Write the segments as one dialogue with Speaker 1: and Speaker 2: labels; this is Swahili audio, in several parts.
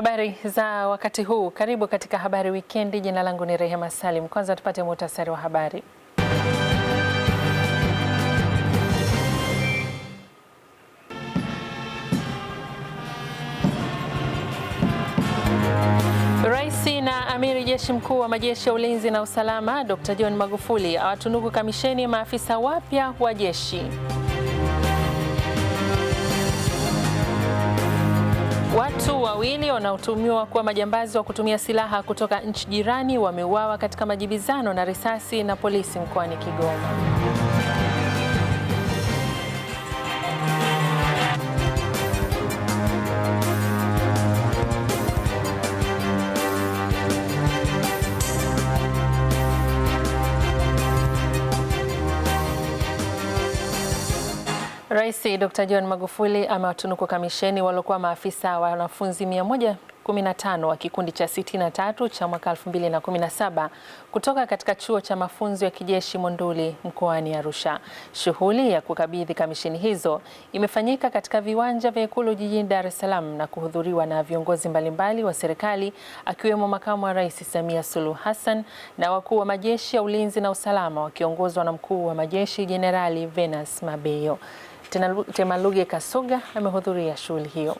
Speaker 1: Habari za wakati huu. Karibu katika habari wikendi. Jina langu ni Rehema Salim. Kwanza tupate muhtasari wa habari. raisi na amiri jeshi mkuu wa majeshi ya ulinzi na usalama Dr. John Magufuli awatunuku kamisheni maafisa wapya wa jeshi. wawili wanaotumiwa kuwa majambazi wa kutumia silaha kutoka nchi jirani wameuawa katika majibizano na risasi na polisi mkoani Kigoma. Rais Dr. John Magufuli amewatunuku kamisheni waliokuwa maafisa wa wanafunzi 115 wa kikundi cha 63 cha mwaka 2017 kutoka katika chuo cha mafunzo ya kijeshi Monduli mkoani Arusha. Shughuli ya kukabidhi kamisheni hizo imefanyika katika viwanja vya Ikulu jijini Dar es Salaam na kuhudhuriwa na viongozi mbalimbali wa serikali akiwemo Makamu wa Rais Samia Suluhu Hassan na wakuu wa majeshi ya ulinzi na usalama wakiongozwa na Mkuu wa Majeshi Jenerali Venance Mabeyo. Temaluge Kasoga amehudhuria shughuli hiyo.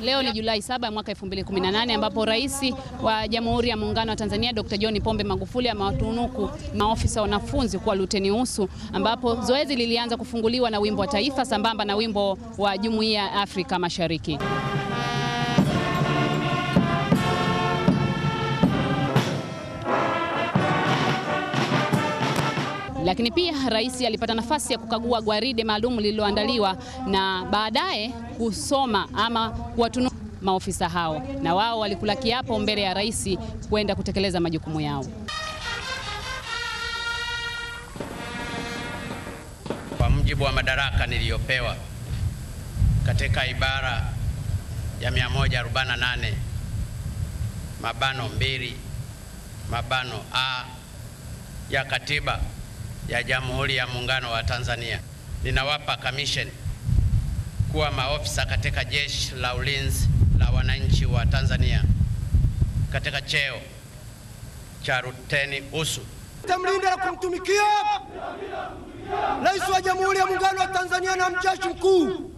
Speaker 2: Leo ni Julai 7 mwaka 2018 ambapo Rais wa Jamhuri ya Muungano wa Tanzania Dr. John Pombe Magufuli amewatunuku maofisa wanafunzi kuwa luteni usu, ambapo zoezi lilianza kufunguliwa na wimbo wa taifa sambamba na wimbo wa Jumuiya ya Afrika Mashariki. Lakini pia rais alipata nafasi ya kukagua gwaride maalum lililoandaliwa na baadaye kusoma ama kuwatunu maofisa hao, na wao walikula kiapo mbele ya rais kwenda kutekeleza majukumu yao.
Speaker 3: Kwa mujibu wa madaraka niliyopewa katika ibara ya 148 mabano mbili mabano a ya katiba ya Jamhuri ya Muungano wa Tanzania. Ninawapa commission kuwa maofisa katika Jeshi la Ulinzi la Wananchi wa Tanzania katika cheo cha ruteni Usu.
Speaker 4: Tamlinda na kumtumikia Rais wa Jamhuri ya Muungano wa Tanzania na Mjeshi Mkuu.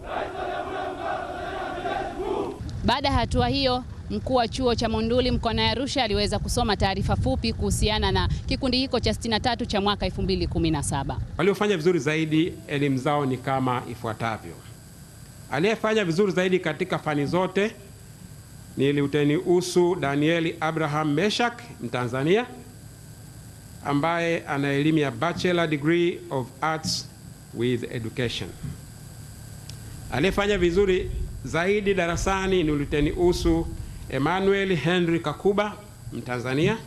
Speaker 2: Baada ya hatua hiyo Mkuu wa chuo cha Monduli mkoani Arusha aliweza kusoma taarifa fupi kuhusiana na kikundi hiko cha 63 cha mwaka 2017.
Speaker 5: Waliofanya vizuri zaidi elimu zao ni kama ifuatavyo: aliyefanya vizuri zaidi katika fani zote ni Luteni Usu Danieli Abraham Meshak, Mtanzania ambaye ana elimu ya Bachelor Degree of Arts with Education. Aliyefanya vizuri zaidi darasani ni Luteni Usu Emmanuel Henry Kakuba Mtanzania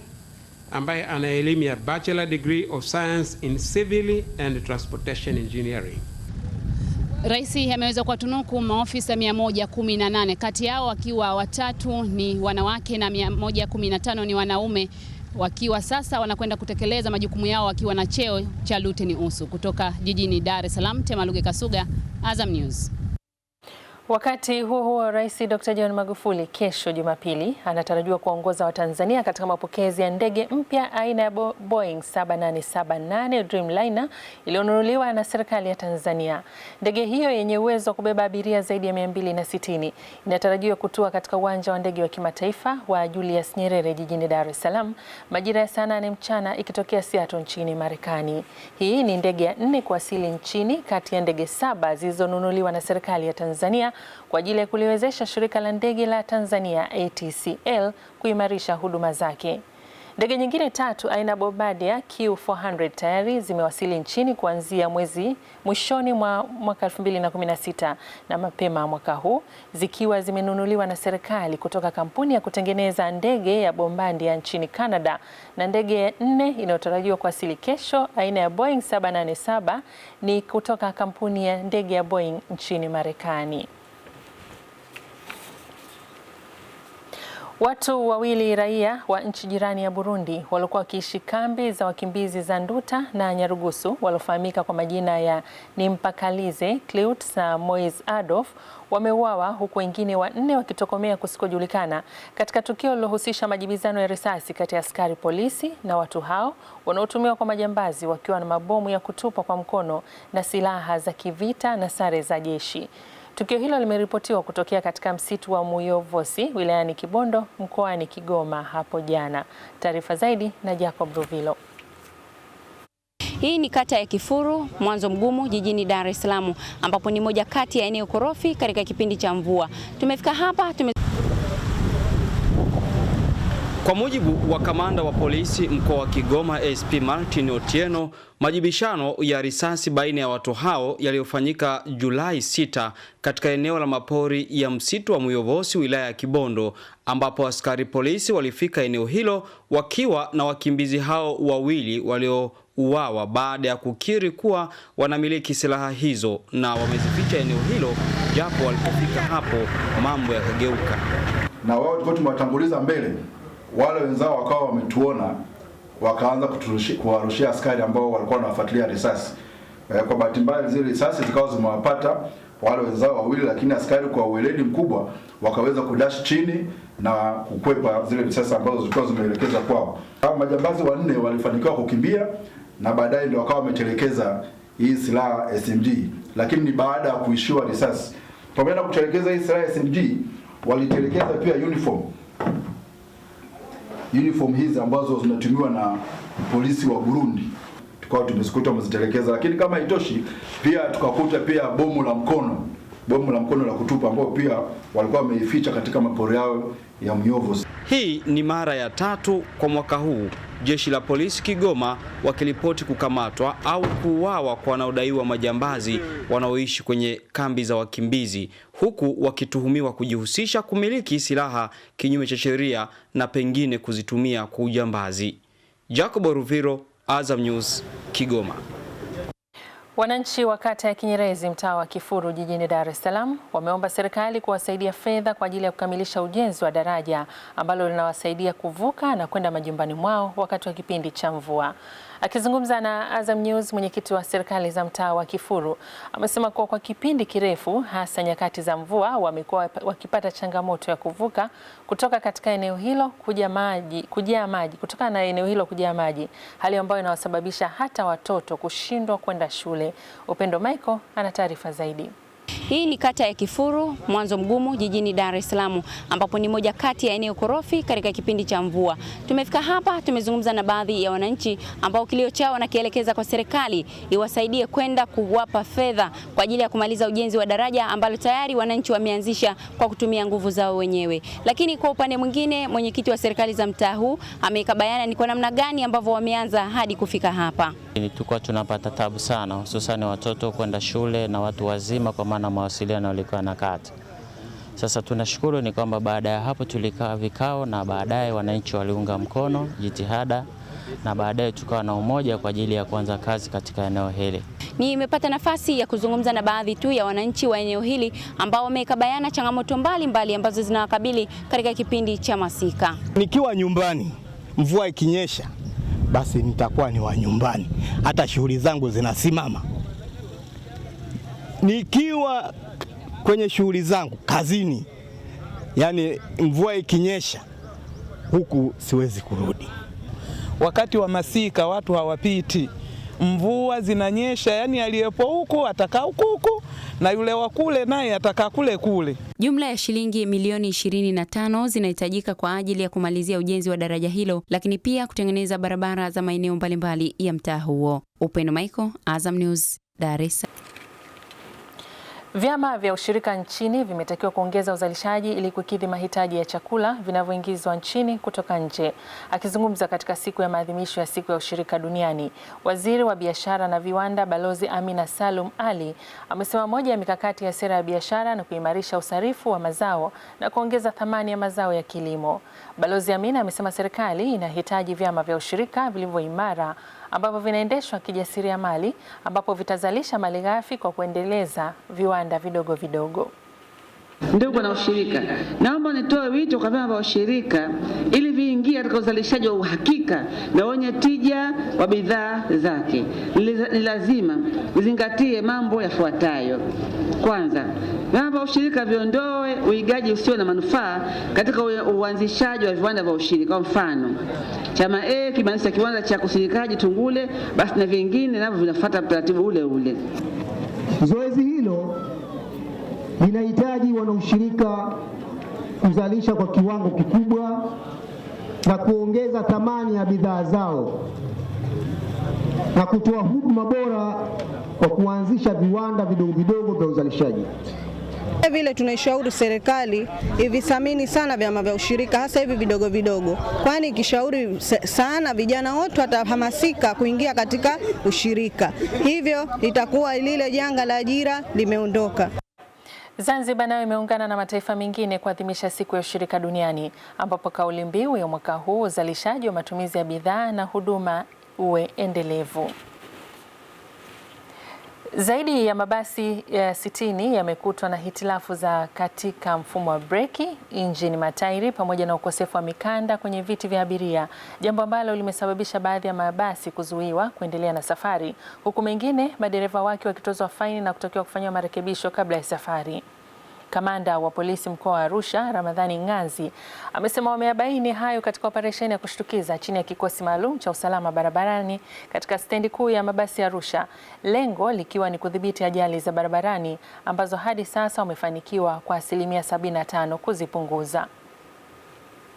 Speaker 5: ambaye ana elimu ya Bachelor Degree of Science in Civil and Transportation Engineering.
Speaker 2: Rais ameweza kuwatunuku maofisa 118 kati yao wakiwa watatu ni wanawake na 115 ni wanaume wakiwa sasa wanakwenda kutekeleza majukumu yao wakiwa na cheo cha luteni usu. Kutoka jijini Dar es Salaam, Temaluge Kasuga, Azam News.
Speaker 1: Wakati huo huo, Rais Dr. John Magufuli kesho Jumapili anatarajiwa kuongoza Watanzania katika mapokezi ya ndege mpya aina ya Boeing 787-8 Dreamliner iliyonunuliwa na serikali ya Tanzania. Ndege hiyo yenye uwezo wa kubeba abiria zaidi ya 260 inatarajiwa kutua katika uwanja wa ndege wa kimataifa wa Julius Nyerere jijini Dar es Salaam majira ya saa 8 mchana ikitokea Seattle nchini Marekani. Hii ni ndege ya nne kuwasili nchini kati ya ndege saba zilizonunuliwa na serikali ya Tanzania kwa ajili ya kuliwezesha shirika la ndege la Tanzania ATCL kuimarisha huduma zake. Ndege nyingine tatu aina Bombardier Q400 tayari zimewasili nchini kuanzia mwezi mwishoni mwa mwaka 2016 na mapema mwaka huu zikiwa zimenunuliwa na serikali kutoka kampuni ya kutengeneza ndege ya Bombardier nchini Canada, na ndege nne inayotarajiwa kuwasili kesho aina ya Boeing 787 ni kutoka kampuni ya ndege ya Boeing nchini Marekani. Watu wawili raia wa nchi jirani ya Burundi waliokuwa wakiishi kambi za wakimbizi za Nduta na Nyarugusu waliofahamika kwa majina ya Nimpakalize Cleut na mois Adolf wameuawa huku wengine wanne wakitokomea kusikojulikana katika tukio lilohusisha majibizano ya risasi kati ya askari polisi na watu hao wanaotumiwa kwa majambazi wakiwa na mabomu ya kutupa kwa mkono na silaha za kivita na sare za jeshi. Tukio hilo limeripotiwa kutokea katika msitu wa Muyovosi wilayani Kibondo mkoani Kigoma hapo jana. Taarifa zaidi na Jacob Ruvilo.
Speaker 2: Hii ni kata ya Kifuru Mwanzo Mgumu jijini Dar es Salaam ambapo ni moja kati ya eneo korofi katika kipindi cha mvua. Tumefika hapa tume
Speaker 6: kwa mujibu wa kamanda wa polisi mkoa wa Kigoma SP Martin Otieno, majibishano ya risasi baina ya watu hao yaliyofanyika Julai 6 katika eneo la mapori ya msitu wa Muyobosi wilaya ya Kibondo, ambapo askari polisi walifika eneo hilo wakiwa na wakimbizi hao wawili waliouawa baada ya kukiri kuwa wanamiliki silaha hizo na wamezificha eneo hilo, japo walipofika hapo mambo yakageuka,
Speaker 7: na wao tulikuwa tumewatanguliza mbele wale wenzao wakawa wametuona wakaanza kuwarushia askari ambao walikuwa wanafuatilia risasi. Eh, kwa bahati mbaya zile risasi zikawa zimewapata wale wenzao wawili, lakini askari kwa uweledi mkubwa wakaweza kudash chini na kukwepa zile risasi ambazo zilikuwa zimeelekeza kwao. Hao majambazi wanne walifanikiwa kukimbia na baadaye ndio wakawa wametelekeza hii silaha SMG, lakini ni baada ya kuishiwa risasi. Pamoja na kutelekeza hii silaha SMG, walitelekeza pia uniform uniform hizi ambazo zinatumiwa na polisi wa Burundi tukao tumezikuta umezitelekeza, lakini kama haitoshi pia tukakuta pia bomu la mkono bomu la mkono la kutupa ambao pia walikuwa wameificha katika mapori yao ya myovo.
Speaker 6: Hii ni mara ya tatu kwa mwaka huu jeshi la polisi Kigoma wakiripoti kukamatwa au kuuawa kwa wanaodaiwa majambazi wanaoishi kwenye kambi za wakimbizi, huku wakituhumiwa kujihusisha kumiliki silaha kinyume cha sheria na pengine kuzitumia kwa ujambazi. Jacobo Ruviro, Azam News, Kigoma.
Speaker 1: Wananchi wa kata ya Kinyerezi mtaa wa Kifuru jijini Dar es Salaam wameomba serikali kuwasaidia fedha kwa ajili ya kukamilisha ujenzi wa daraja ambalo linawasaidia kuvuka na kwenda majumbani mwao wakati wa kipindi cha mvua. Akizungumza na Azam News, mwenyekiti wa serikali za mtaa wa Kifuru amesema kuwa kwa kipindi kirefu, hasa nyakati za mvua, wamekuwa wakipata changamoto ya kuvuka kutoka katika eneo hilo kuja maji, kujaa maji kutokana na eneo hilo kujaa maji, hali ambayo inawasababisha hata watoto kushindwa kwenda shule. Upendo Michael ana taarifa zaidi.
Speaker 2: Hii ni kata ya Kifuru, Mwanzo Mgumu, jijini Dar es Salaam, ambapo ni moja kati ya eneo korofi katika kipindi cha mvua. Tumefika hapa, tumezungumza na baadhi ya wananchi ambao kilio chao wanakielekeza kwa serikali iwasaidie kwenda kuwapa fedha kwa ajili ya kumaliza ujenzi wa daraja ambalo tayari wananchi wameanzisha kwa kutumia nguvu zao wenyewe. Lakini kwa upande mwingine, mwenyekiti wa serikali za mtaa huu ameweka bayana ni kwa namna gani ambavyo wameanza hadi kufika hapa.
Speaker 8: Tulikuwa tunapata tabu sana, hususan watoto kwenda shule na watu wazima kwa maana mawasiliano walikuwa na kata. Sasa tunashukuru ni kwamba baada ya hapo tulikaa vikao na baadaye wananchi waliunga mkono jitihada na baadaye tukawa na umoja kwa ajili ya kuanza kazi katika eneo hili.
Speaker 2: Nimepata nafasi ya kuzungumza na baadhi tu ya wananchi wa eneo hili ambao wameweka bayana changamoto mbalimbali mbali ambazo zinawakabili katika kipindi cha masika.
Speaker 9: Nikiwa nyumbani, mvua ikinyesha, basi nitakuwa ni wa nyumbani, hata shughuli zangu zinasimama nikiwa kwenye shughuli zangu kazini, yani mvua ikinyesha huku siwezi kurudi.
Speaker 10: Wakati wa masika watu hawapiti, mvua zinanyesha, yani aliyepo huku atakaa huku huku na yule wa kule naye atakaa kule kule.
Speaker 2: Jumla ya shilingi milioni ishirini na tano zinahitajika kwa ajili ya kumalizia ujenzi wa daraja hilo, lakini pia kutengeneza barabara za maeneo mbalimbali ya mtaa huo. Upendo Michael, Azam News, Dar es Salaam.
Speaker 1: Vyama vya ushirika nchini vimetakiwa kuongeza uzalishaji ili kukidhi mahitaji ya chakula vinavyoingizwa nchini kutoka nje. Akizungumza katika siku ya maadhimisho ya siku ya ushirika duniani, Waziri wa Biashara na Viwanda Balozi Amina Salum Ali amesema moja ya mikakati ya sera ya biashara ni kuimarisha usarifu wa mazao na kuongeza thamani ya mazao ya kilimo. Balozi Amina amesema serikali inahitaji vyama vya ushirika vilivyo imara ambavyo vinaendeshwa kijasiriamali ambapo vitazalisha malighafi kwa kuendeleza viwanda vidogo vidogo.
Speaker 11: Ndugu na ushirika, naomba nitoe wito kwa vyama vya ushirika ili viingie katika uzalishaji wa uhakika na wenye tija wa bidhaa zake. Ni lazima vizingatie mambo yafuatayo. Kwanza, vyama vya ushirika viondoe uigaji usio na manufaa katika uanzishaji wa viwanda vya ushirika. Kwa mfano, chama A kimaanisha kiwanda cha kusindikaji tungule, basi na vingine navyo vinafuata taratibu ule ule.
Speaker 12: Zoezi hilo linahitaji wanaushirika kuzalisha kwa kiwango kikubwa na kuongeza thamani ya bidhaa zao na kutoa huduma bora kwa kuanzisha viwanda vidogo vidogo vya uzalishaji.
Speaker 13: Vile tunaishauri serikali ividhamini sana vyama vya ushirika hasa hivi vidogo vidogo, kwani ikishauri sana vijana wote watahamasika kuingia katika ushirika, hivyo itakuwa lile janga la ajira limeondoka.
Speaker 1: Zanzibar nayo imeungana na mataifa mengine kuadhimisha siku ya ushirika duniani ambapo kauli mbiu ya mwaka huu uzalishaji wa matumizi ya bidhaa na huduma uwe endelevu. Zaidi ya mabasi ya eh, sitini yamekutwa na hitilafu za katika mfumo wa breki, injini, matairi pamoja na ukosefu wa mikanda kwenye viti vya abiria, jambo ambalo limesababisha baadhi ya mabasi kuzuiwa kuendelea na safari, huku mengine madereva wake wakitozwa faini na kutakiwa kufanyiwa marekebisho kabla ya safari. Kamanda wa polisi mkoa wa Arusha, Ramadhani Ng'anzi, amesema wameabaini hayo katika operesheni ya kushtukiza chini ya kikosi maalum cha usalama barabarani katika stendi kuu ya mabasi ya Arusha, lengo likiwa ni kudhibiti ajali za barabarani ambazo hadi sasa wamefanikiwa kwa asilimia 75 kuzipunguza.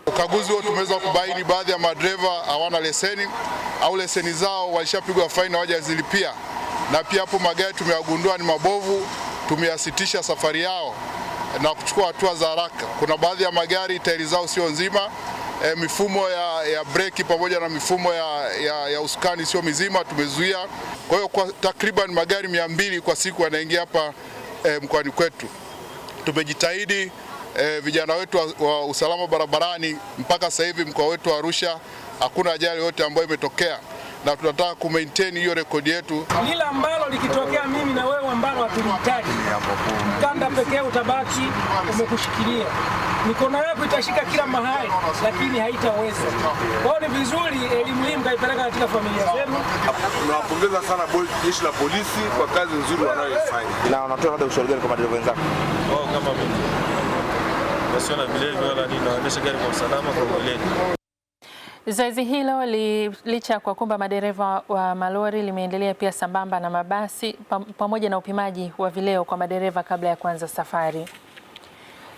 Speaker 14: Ukaguzi huo tumeweza kubaini baadhi ya madereva hawana leseni au leseni zao walishapigwa faini na hawajazilipia, na pia hapo magari tumeyagundua ni mabovu, tumeyasitisha safari yao na kuchukua hatua za haraka. Kuna baadhi ya magari tairi zao sio nzima e, mifumo ya, ya breki pamoja na mifumo ya, ya, ya usukani sio mizima, tumezuia. Kwa hiyo kwa takriban magari mia mbili kwa siku yanaingia hapa e, mkoani kwetu. Tumejitahidi e, vijana wetu wa, wa usalama barabarani. Mpaka sasa hivi mkoa wetu wa Arusha hakuna ajali yoyote ambayo imetokea na tunataka ku maintain hiyo rekodi yetu.
Speaker 15: Lile ambalo likitokea mimi na wewe ambalo hatuhitaji mkanda pekee utabaki umekushikilia, mikono yako itashika kila mahali, lakini haitaweza. Kwa ni vizuri elimu hii mkaipeleka katika familia zenu.
Speaker 16: Tunawapongeza sana jeshi la polisi kwa kazi nzuri wanayofanya.
Speaker 17: Na wanatoa labda ushauri gani kwa madereva wenzako?
Speaker 18: Oh, kama mimi wasiona vile wala nini, waendeshe gari kwa usalama, kwa weledi.
Speaker 1: Zoezi hilo li, licha ya kwa madereva wa malori limeendelea pia sambamba na mabasi pamoja na upimaji wa vileo kwa madereva kabla ya kuanza safari.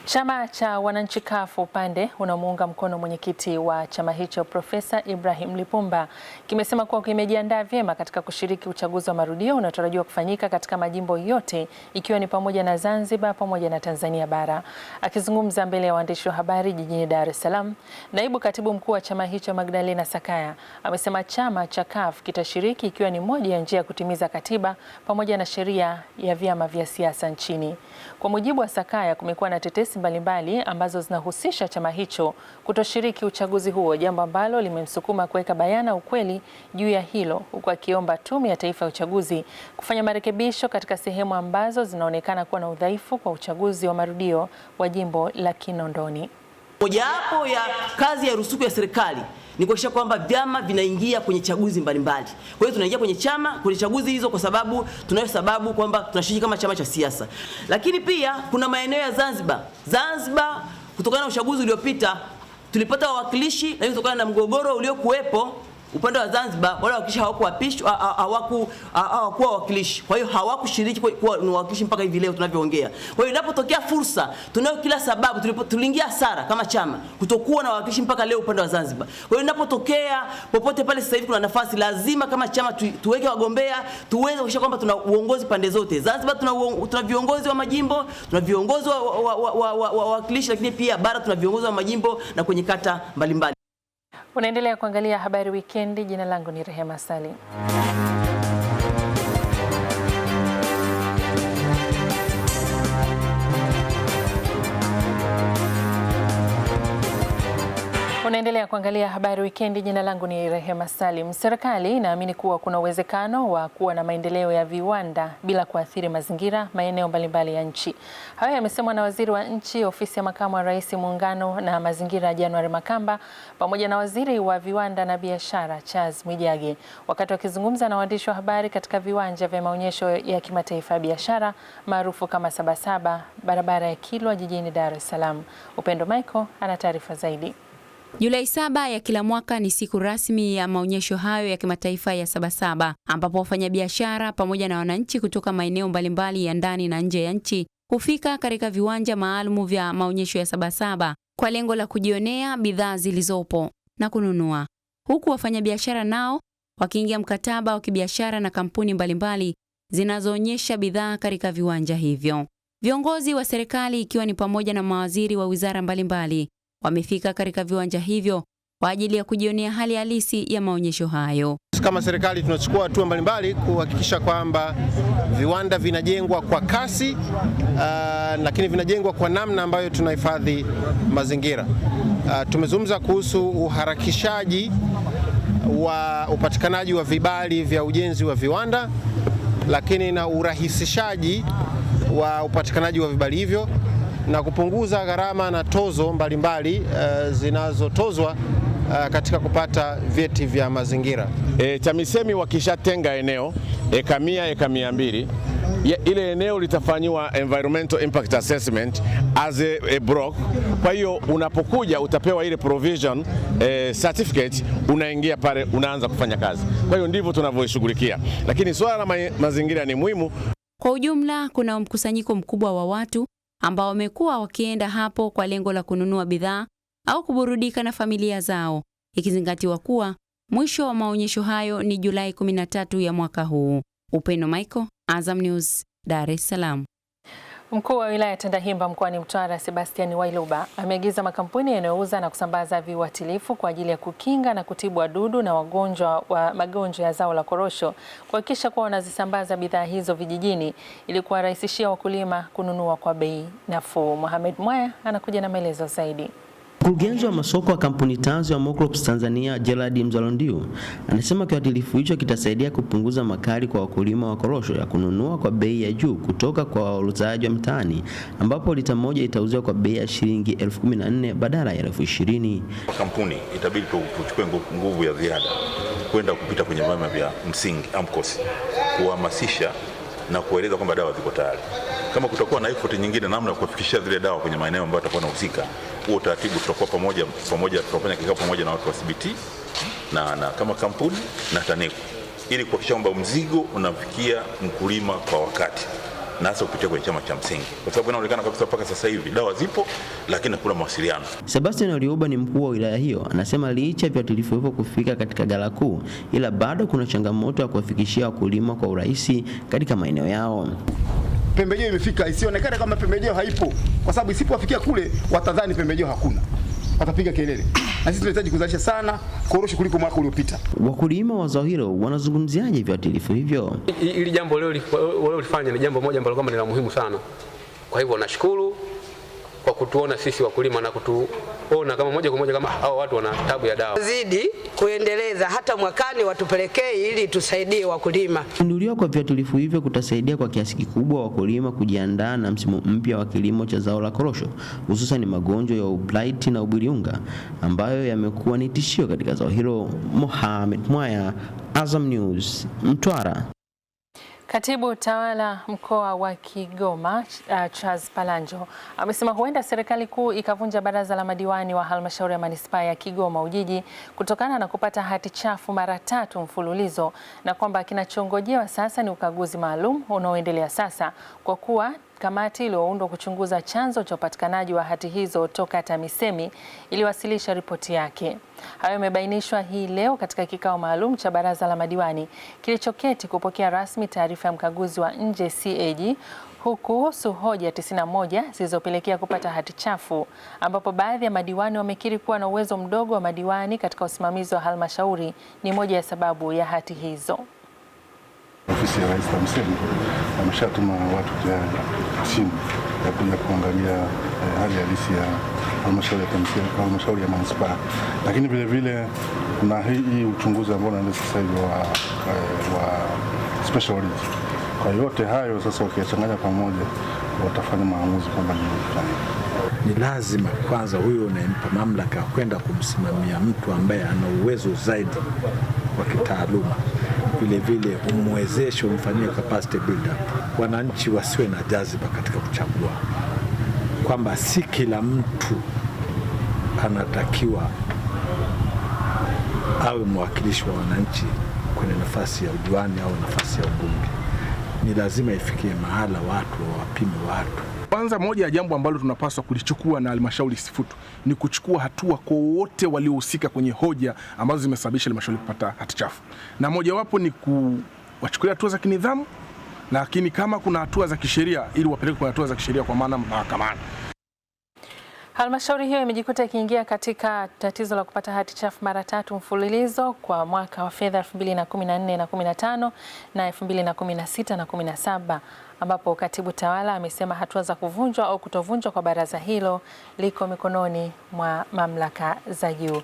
Speaker 1: Chama cha wananchi CUF upande unamuunga mkono mwenyekiti wa chama hicho Profesa Ibrahim Lipumba kimesema kuwa kimejiandaa vyema katika kushiriki uchaguzi wa marudio unaotarajiwa kufanyika katika majimbo yote ikiwa ni pamoja na Zanzibar pamoja na Tanzania bara. Akizungumza mbele ya waandishi wa habari jijini Dar es Salaam, naibu katibu mkuu wa chama hicho Magdalena Sakaya amesema chama cha CUF kitashiriki ikiwa ni moja ya njia ya kutimiza katiba pamoja na sheria ya vyama vya siasa nchini. Kwa mujibu wa Sakaya, kumekuwa na tetesi kesi mbalimbali ambazo zinahusisha chama hicho kutoshiriki uchaguzi huo, jambo ambalo limemsukuma kuweka bayana ukweli juu ya hilo, huku akiomba Tume ya Taifa ya Uchaguzi kufanya marekebisho katika sehemu ambazo zinaonekana kuwa na udhaifu kwa uchaguzi wa marudio wa jimbo la Kinondoni.
Speaker 19: Mojawapo ya kazi ya rusuku ya serikali ni kuhakikisha kwamba vyama vinaingia kwenye chaguzi mbalimbali. Kwa hiyo tunaingia kwenye chama kwenye chaguzi hizo kwa sababu tunayo sababu kwamba tunashiriki kama chama cha siasa, lakini pia kuna maeneo ya Zanzibar. Zanzibar kutokana na uchaguzi uliopita tulipata wawakilishi, lakini kutokana na mgogoro uliokuwepo Upande wa Zanzibar wale wawakilishi hawakuwapishwa, hawakuwa wawakilishi, kwa hiyo hawakushiriki kuwa ni wawakilishi mpaka hivi leo tunavyoongea. Kwa hiyo inapotokea fursa, tunayo kila sababu, tuliingia hasara kama chama kutokuwa na wawakilishi mpaka leo upande wa Zanzibar. Kwa hiyo inapotokea popote pale sasa hivi kuna nafasi, lazima kama chama tu, tuweke wagombea, tuweze kuhakikisha kwamba tuna uongozi pande zote. Zanzibar tuna, tuna viongozi wa majimbo, tuna viongozi wa wawakilishi wa, wa, wa, wa, wa, lakini pia bara tuna viongozi wa majimbo na kwenye kata mbalimbali mbali.
Speaker 1: Unaendelea kuangalia habari wikendi. Jina langu ni Rehema Salim. Unaendelea kuangalia habari wikendi. Jina langu ni Rehema Salim. Serikali inaamini kuwa kuna uwezekano wa kuwa na maendeleo ya viwanda bila kuathiri mazingira maeneo mbalimbali ya nchi. Hayo yamesemwa na waziri wa nchi ofisi ya makamu wa rais muungano na mazingira January Makamba pamoja na waziri wa viwanda na biashara Charles Mwijage wakati wakizungumza na waandishi wa habari katika viwanja vya maonyesho ya kimataifa ya biashara maarufu kama Sabasaba, barabara ya Kilwa jijini Dar es Salaam. Upendo Michael ana taarifa zaidi.
Speaker 2: Julai saba ya kila mwaka ni siku rasmi ya maonyesho hayo ya kimataifa ya Sabasaba ambapo wafanyabiashara pamoja na wananchi kutoka maeneo mbalimbali ya ndani na nje ya nchi hufika katika viwanja maalumu vya maonyesho ya Sabasaba kwa lengo la kujionea bidhaa zilizopo na kununua, huku wafanyabiashara nao wakiingia mkataba wa kibiashara na kampuni mbalimbali zinazoonyesha bidhaa katika viwanja hivyo. Viongozi wa serikali ikiwa ni pamoja na mawaziri wa wizara mbalimbali wamefika katika viwanja hivyo kwa ajili ya kujionea hali halisi ya maonyesho hayo.
Speaker 20: Kama serikali tunachukua hatua mbalimbali kuhakikisha kwamba viwanda vinajengwa kwa kasi, uh, lakini vinajengwa kwa namna ambayo tunahifadhi mazingira. Uh, tumezungumza kuhusu uharakishaji wa upatikanaji wa vibali vya ujenzi wa viwanda, lakini na urahisishaji wa upatikanaji wa vibali hivyo na kupunguza gharama na tozo mbalimbali mbali, uh, eh, zinazotozwa uh, katika kupata vyeti vya mazingira.
Speaker 21: E, TAMISEMI wakishatenga eneo eka mia eka mia mbili ile eneo litafanyiwa environmental impact assessment as a, a block. Kwa hiyo unapokuja utapewa ile provision eh, certificate, unaingia pale unaanza kufanya kazi. Kwa hiyo ndivyo tunavyoishughulikia, lakini swala la ma mazingira ni muhimu.
Speaker 2: Kwa ujumla, kuna mkusanyiko mkubwa wa watu ambao wamekuwa wakienda hapo kwa lengo la kununua bidhaa au kuburudika na familia zao, ikizingatiwa kuwa mwisho wa maonyesho hayo ni Julai 13 ya mwaka huu. Upendo Michael, Azam News, Dar es Salaam.
Speaker 1: Mkuu wa wilaya ya Tandahimba mkoani Mtwara, Sebastian Wailuba ameagiza makampuni yanayouza na kusambaza viuatilifu kwa ajili ya kukinga na kutibu wadudu na wagonjwa wa magonjwa ya zao la korosho kuhakikisha kuwa wanazisambaza bidhaa hizo vijijini ili kuwarahisishia wakulima kununua kwa bei nafuu. Mohamed Mwaya anakuja na maelezo zaidi.
Speaker 22: Mkurugenzi wa masoko wa kampuni tanzu ya Mocrops Tanzania gerard Mzalondiu anasema kiuatilifu hicho kitasaidia kupunguza makali kwa wakulima wa korosho ya kununua kwa bei ya juu kutoka kwa wauzaji wa mtaani ambapo lita moja itauziwa kwa bei ya shilingi elfu kumi na nne badala ya elfu ishirini.
Speaker 23: Kampuni itabidi tuchukue nguvu ya ziada kwenda kupita kwenye vyama vya msingi AMCOS kuhamasisha na kueleza kwamba dawa ziko tayari. Kama kutakuwa na effort nyingine namna ya kufikishia zile dawa kwenye maeneo ambayo tutakuwa nahusika, huo utaratibu tutakuwa pamoja pamoja, tutafanya kikao pamoja na watu wa CBT na, na kama kampuni na TANECU ili kuhakikisha kwamba mzigo unafikia mkulima kwa wakati na hasa kupitia kwenye chama cha msingi, kwa sababu inaonekana kabisa mpaka sasa hivi dawa zipo, lakini hakuna mawasiliano.
Speaker 24: Sebastian Olioba ni mkuu wa wilaya hiyo, anasema licha vyatu vilivyopo kufika katika gala kuu, ila bado kuna changamoto ya kuwafikishia wakulima kwa urahisi katika maeneo yao.
Speaker 25: Pembejeo imefika, isionekane kama pembejeo haipo, kwa sababu isipowafikia kule watadhani pembejeo hakuna watapiga kelele, na sisi tunahitaji kuzalisha sana korosho kuliko mwaka uliopita.
Speaker 26: Wakulima wa zao hilo wanazungumziaje viuatilifu hivyo?
Speaker 27: Hili jambo leo lifanya ni jambo moja ambalo kwamba ni la muhimu sana, kwa hivyo nashukuru kwa kutuona sisi wakulima na kutuona kama moja kwa moja kama hao watu wana tabu ya dawa.
Speaker 28: Zidi kuendeleza hata mwakani watupelekee ili tusaidie wakulima.
Speaker 29: Kunduliwa kwa viuatilifu hivyo kutasaidia kwa kiasi kikubwa wakulima kujiandaa na msimu mpya wa kilimo cha zao la korosho, hususan magonjwa ya blight na ubiriunga ambayo yamekuwa ni tishio katika zao hilo. Mohamed Mwaya, Azam News, Mtwara.
Speaker 1: Katibu tawala Mkoa wa Kigoma uh, Charles Palanjo amesema huenda serikali kuu ikavunja baraza la madiwani wa halmashauri ya manispaa ya Kigoma Ujiji kutokana na kupata hati chafu mara tatu mfululizo na kwamba kinachongojewa sasa ni ukaguzi maalum unaoendelea sasa kwa kuwa Kamati iliyoundwa kuchunguza chanzo cha upatikanaji wa hati hizo toka TAMISEMI iliwasilisha ripoti yake. Hayo yamebainishwa hii leo katika kikao maalum cha baraza la madiwani kilichoketi kupokea rasmi taarifa ya mkaguzi wa nje CAG hukuhusu hoja 91 zilizopelekea kupata hati chafu, ambapo baadhi ya madiwani wamekiri kuwa na uwezo mdogo wa madiwani katika usimamizi wa halmashauri ni moja ya sababu ya hati hizo.
Speaker 30: Ofisi ya Rais TAMISEMI ameshatuma watu tayari ya kuja kuangalia eh, hali halisi ya halmashauri ya manispaa, lakini vilevile kuna hii uchunguzi ambao unaenda sasa hivi wa, eh, wa special audit. Kwa yote hayo sasa wakiyachanganya pamoja watafanya maamuzi kwamba ni
Speaker 31: Ni lazima kwanza huyo unayempa mamlaka ya kwenda kumsimamia mtu ambaye ana uwezo zaidi wa kitaaluma vile umwezeshe, umfanyie capacity builder, wananchi wasiwe na jaziba katika kuchagua, kwamba si kila mtu anatakiwa awe mwakilishi wa wananchi kwenye nafasi ya udiwani au nafasi ya ubunge. Ni lazima ifikie mahala watu wawapime watu
Speaker 32: kwanza, moja ya jambo ambalo tunapaswa kulichukua na halmashauri sifutu ni kuchukua hatua kwa wote waliohusika kwenye hoja ambazo zimesababisha halmashauri kupata hati chafu, na mojawapo ni kuwachukulia hatua za kinidhamu, lakini kama kuna hatua za kisheria, ili wapeleke kwa hatua za kisheria, kwa maana mahakamani.
Speaker 1: Halmashauri hiyo imejikuta ikiingia katika tatizo la kupata hati chafu mara tatu mfululizo kwa mwaka wa fedha 2014 na 15 na 2016 na 17, ambapo katibu tawala amesema hatua za kuvunjwa au kutovunjwa kwa baraza hilo liko mikononi mwa mamlaka za juu.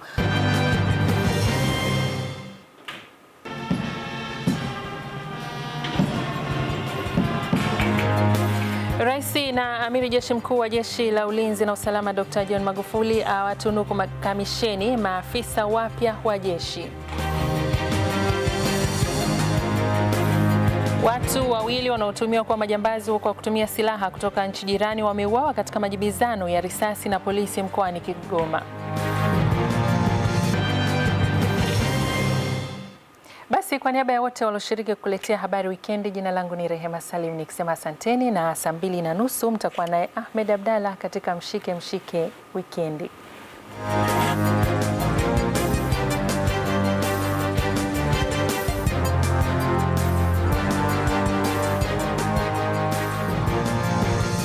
Speaker 1: Raisi na amiri jeshi mkuu wa jeshi la ulinzi na usalama Dr. John Magufuli awatunuku makamisheni maafisa wapya wa jeshi. Watu wawili wanaotumiwa kuwa majambazi kwa kutumia silaha kutoka nchi jirani wameuawa katika majibizano ya risasi na polisi mkoani Kigoma. Basi kwa niaba ya wote walioshiriki kukuletea habari wikendi, jina langu ni Rehema Salim nikisema asanteni, na saa mbili na nusu mtakuwa naye Ahmed Abdalla katika mshike mshike wikendi.